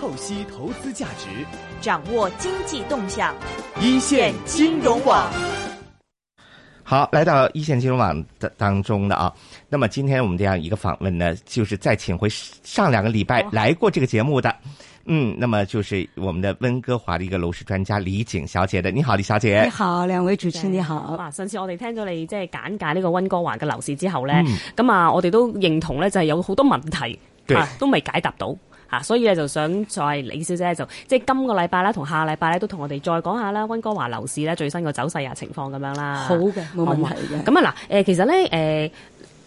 透析投資價值，掌握經濟動向，一線金融網。好，來到一線金融網的當中的啊，那麼今天我們這樣一個訪問呢，就是再請回上兩個禮拜來過這個節目的，哦、嗯，那麼就是我們的溫哥華的一個樓市專家李璟小姐的，你好，李小姐，你好，兩位主持人，你好。哇，上次我哋聽到你即係簡介呢個溫哥華嘅樓市之後呢，咁、嗯、啊，我哋都認同呢，就係有好多問題對、啊、都未解答到。啊，所以咧就想再李小姐就即係今個禮拜啦，同下禮拜咧都同我哋再講下啦，温哥華樓市咧最新個走勢啊情況咁樣啦。好嘅，冇問題嘅。咁啊嗱，誒其實咧誒。呃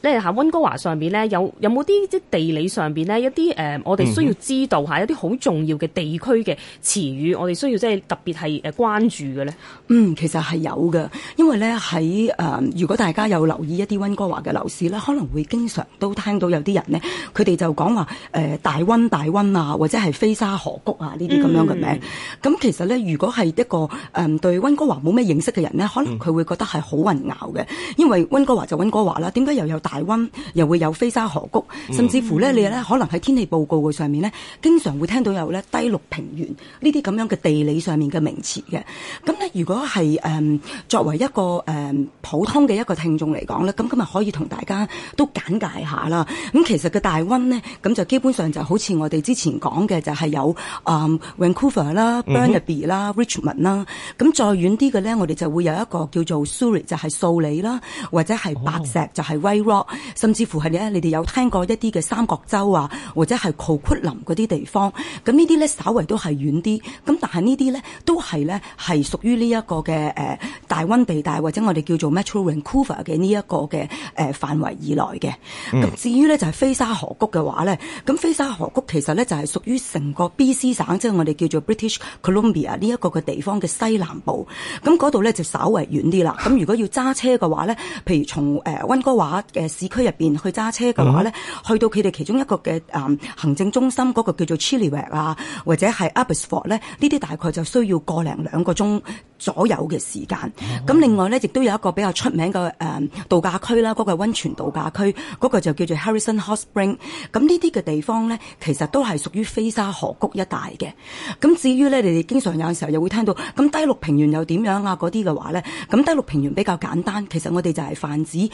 咧溫哥華上邊咧有有冇啲即係地理上邊咧一啲誒、呃、我哋需要知道吓一啲好重要嘅地區嘅詞語，我哋需要即係特別係誒關注嘅咧。嗯，其實係有嘅，因為咧喺誒如果大家有留意一啲溫哥華嘅樓市咧，可能會經常都聽到有啲人咧佢哋就講話誒大溫大溫啊，或者係飛沙河谷啊呢啲咁樣嘅名。咁、嗯嗯、其實咧，如果係一個誒、呃、對溫哥華冇咩認識嘅人咧，可能佢會覺得係好混淆嘅，因為溫哥華就溫哥華啦，點解又有大大温又會有飛沙河谷，甚至乎咧，你咧可能喺天氣報告上面咧，經常會聽到有咧低陸平原呢啲咁樣嘅地理上面嘅名詞嘅。咁咧，如果係、嗯、作為一個、嗯、普通嘅一個聽眾嚟講咧，咁今日可以同大家都簡介一下啦。咁其實個大温咧，咁就基本上就好似我哋之前講嘅，就係、是、有、嗯、Vancouver 啦、mm -hmm.、Burnaby 啦、Richmond 啦。咁再遠啲嘅咧，我哋就會有一個叫做 Surrey，就係素里啦，或者係白石，oh，就係 White Rock。甚至乎係咧，你哋有聽過一啲嘅三角洲啊，或者係高貴林嗰啲地方，咁呢啲咧稍微都係遠啲，咁但係呢啲咧都係咧係屬於呢一個嘅誒、呃、大温地帶，或者我哋叫做 Metro Vancouver 嘅、呃、呢一個嘅誒範圍以內嘅。咁至於咧就係、是、飛沙河谷嘅話咧，咁飛沙河谷其實咧就係屬於成個 B.C 省，即係我哋叫做 British Columbia 呢一個嘅地方嘅西南部，咁嗰度咧就稍微遠啲啦。咁如果要揸車嘅話咧，譬如從誒温哥華嘅市區入邊去揸車嘅話咧，uh -huh. 去到佢哋其中一個嘅誒、嗯、行政中心嗰個叫做 Chilliwack 啊，或者係 Abbotsford 咧，呢啲大概就需要個零兩個鐘左右嘅時間。咁、uh -huh. 另外咧，亦都有一個比較出名嘅誒、嗯、度假區啦，嗰、那個溫泉度假區，嗰、那個就叫做 Harrison Hot Spring。咁呢啲嘅地方咧，其實都係屬於菲沙河谷一帶嘅。咁至於咧，你哋經常有陣時候又會聽到咁低陸平原又點樣啊嗰啲嘅話咧，咁低陸平原比較簡單，其實我哋就係泛指誒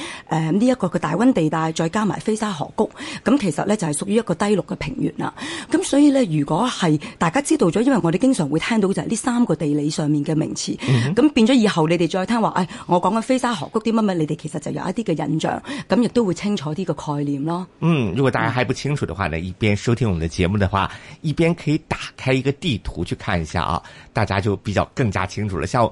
呢一個嘅大大溫地帶再加埋菲沙河谷，咁其實呢就係屬於一個低陸嘅平原啦。咁所以呢，如果係大家知道咗，因為我哋經常會聽到就係呢三個地理上面嘅名詞，咁、嗯、變咗以後你哋再聽話，誒、哎，我講緊菲沙河谷啲乜乜，你哋其實就有一啲嘅印象，咁亦都會清楚啲嘅概念咯。嗯，如果大家還不清楚嘅話，呢一邊收聽我們的節目嘅話，一邊可以打開一個地圖去看一下啊，大家就比較更加清楚啦。像。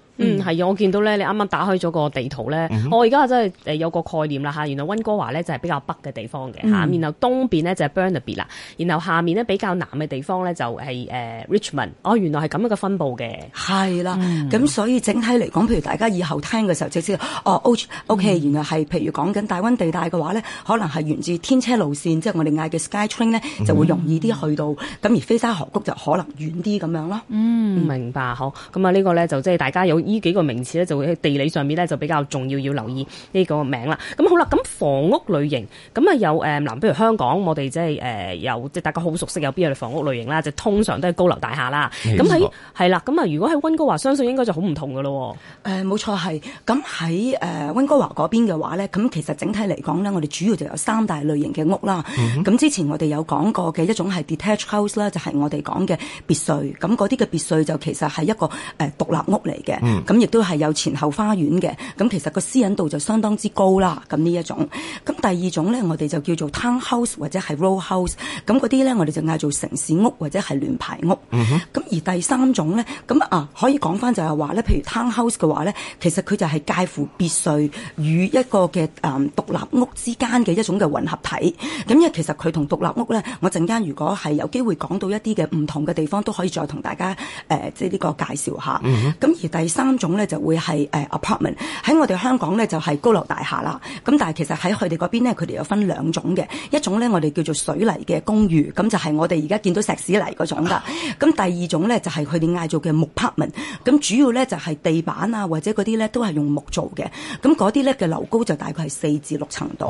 嗯，係啊，我見到咧，你啱啱打開咗個地圖咧，我而家真係誒有個概念啦吓。原來溫哥華咧就係比較北嘅地方嘅吓、嗯、然後東邊咧就係 Burnaby 啦，然後下面咧比較南嘅地方咧就係、是、Richmond。呃、Richmond，哦，原來係咁樣嘅分佈嘅。係啦，咁、嗯、所以整體嚟講，譬如大家以後聽嘅時候，就知道哦，O K，okay，嗯、原來係譬如講緊大温地帶嘅話咧，可能係源自天車路線，即係我哋嗌嘅 SkyTrain 咧，就會容易啲去到。咁、嗯、而菲沙河谷就可能遠啲咁樣咯。嗯，明白，好。咁啊，呢個咧就即係大家有。呢幾個名詞咧，就會喺地理上面咧就比較重要，要留意呢個名啦。咁好啦，咁房屋類型咁啊有誒，嗱、呃，比如香港，我哋即係誒有即係大家好熟悉有邊類房屋類型啦，就通常都係高樓大廈啦。咁喺係啦，咁 啊， 如果喺溫哥華，相信應該就好唔同噶咯。誒、呃，冇錯係。咁喺誒溫哥華嗰邊嘅話咧，咁其實整體嚟講咧，我哋主要就有三大類型嘅屋啦。咁之前我哋有講過嘅一種係 detached house 啦，就係我哋講嘅別墅。咁嗰啲嘅別墅就其實係一個誒、呃、獨立屋嚟嘅。嗯咁、嗯、亦都係有前後花園嘅，咁其實個私隱度就相當之高啦。咁呢一種，咁第二種咧，我哋就叫做 townhouse 或者係 row house，咁嗰啲咧，我哋就嗌做城市屋或者係聯排屋。咁、嗯、而第三種咧，咁啊可以講翻就係話咧，譬如 townhouse 嘅話咧，其實佢就係介乎別墅與一個嘅誒、嗯、獨立屋之間嘅一種嘅混合體。咁、嗯、因為其實佢同獨立屋咧，我陣間如果係有機會講到一啲嘅唔同嘅地方，都可以再同大家誒、呃、即係呢個介紹下。咁、嗯、而第三。三種咧就會係、uh, apartment 喺我哋香港咧就係、是、高樓大廈啦，咁但係其實喺佢哋嗰邊咧，佢哋有分兩種嘅，一種咧我哋叫做水泥嘅公寓，咁就係我哋而家見到石屎泥嗰種㗎，咁第二種咧就係佢哋嗌做嘅木 apartment，咁主要咧就係、是、地板啊或者嗰啲咧都係用木做嘅，咁嗰啲咧嘅樓高就大概係四至六層度。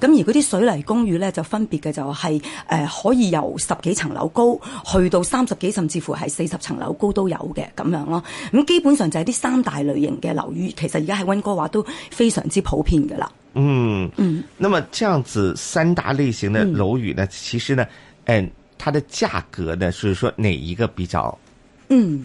咁、oh. 而嗰啲水泥公寓咧就分別嘅就係、是呃、可以由十幾層樓高去到三十幾甚至乎係四十層樓高都有嘅咁樣咯，咁基本上就係啲。三大類型嘅樓宇，其實而家喺溫哥華都非常之普遍噶啦。嗯嗯，那麼這樣子三大類型的樓宇呢、嗯？其實呢，誒、哎，它的價格呢，就是說哪一個比較？嗯。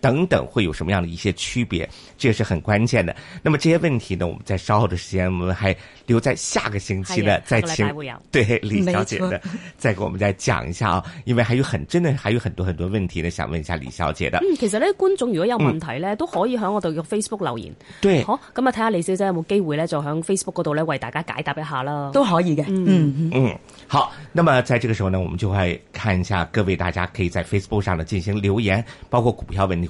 等等會有什麼樣的一些區別？這也是很關鍵的。那麼這些問題呢，我們在稍後的時間，我們還留在下個星期呢，再請對李小姐的再給我們再講一下啊，因為還有很真的還有很多很多問題呢，想問一下李小姐的。嗯。嗯，其實呢，觀眾如果有問題呢，都可以響我哋嘅 Facebook 留言。對。好，咁啊，睇下李小姐有冇機會呢，就響 Facebook 嗰度呢，為大家解答一下啦。都可以嘅。嗯嗯。好，那麼在這個時候呢，我們就會看一下各位大家可以在 Facebook 上呢進行留言，包括股票問題。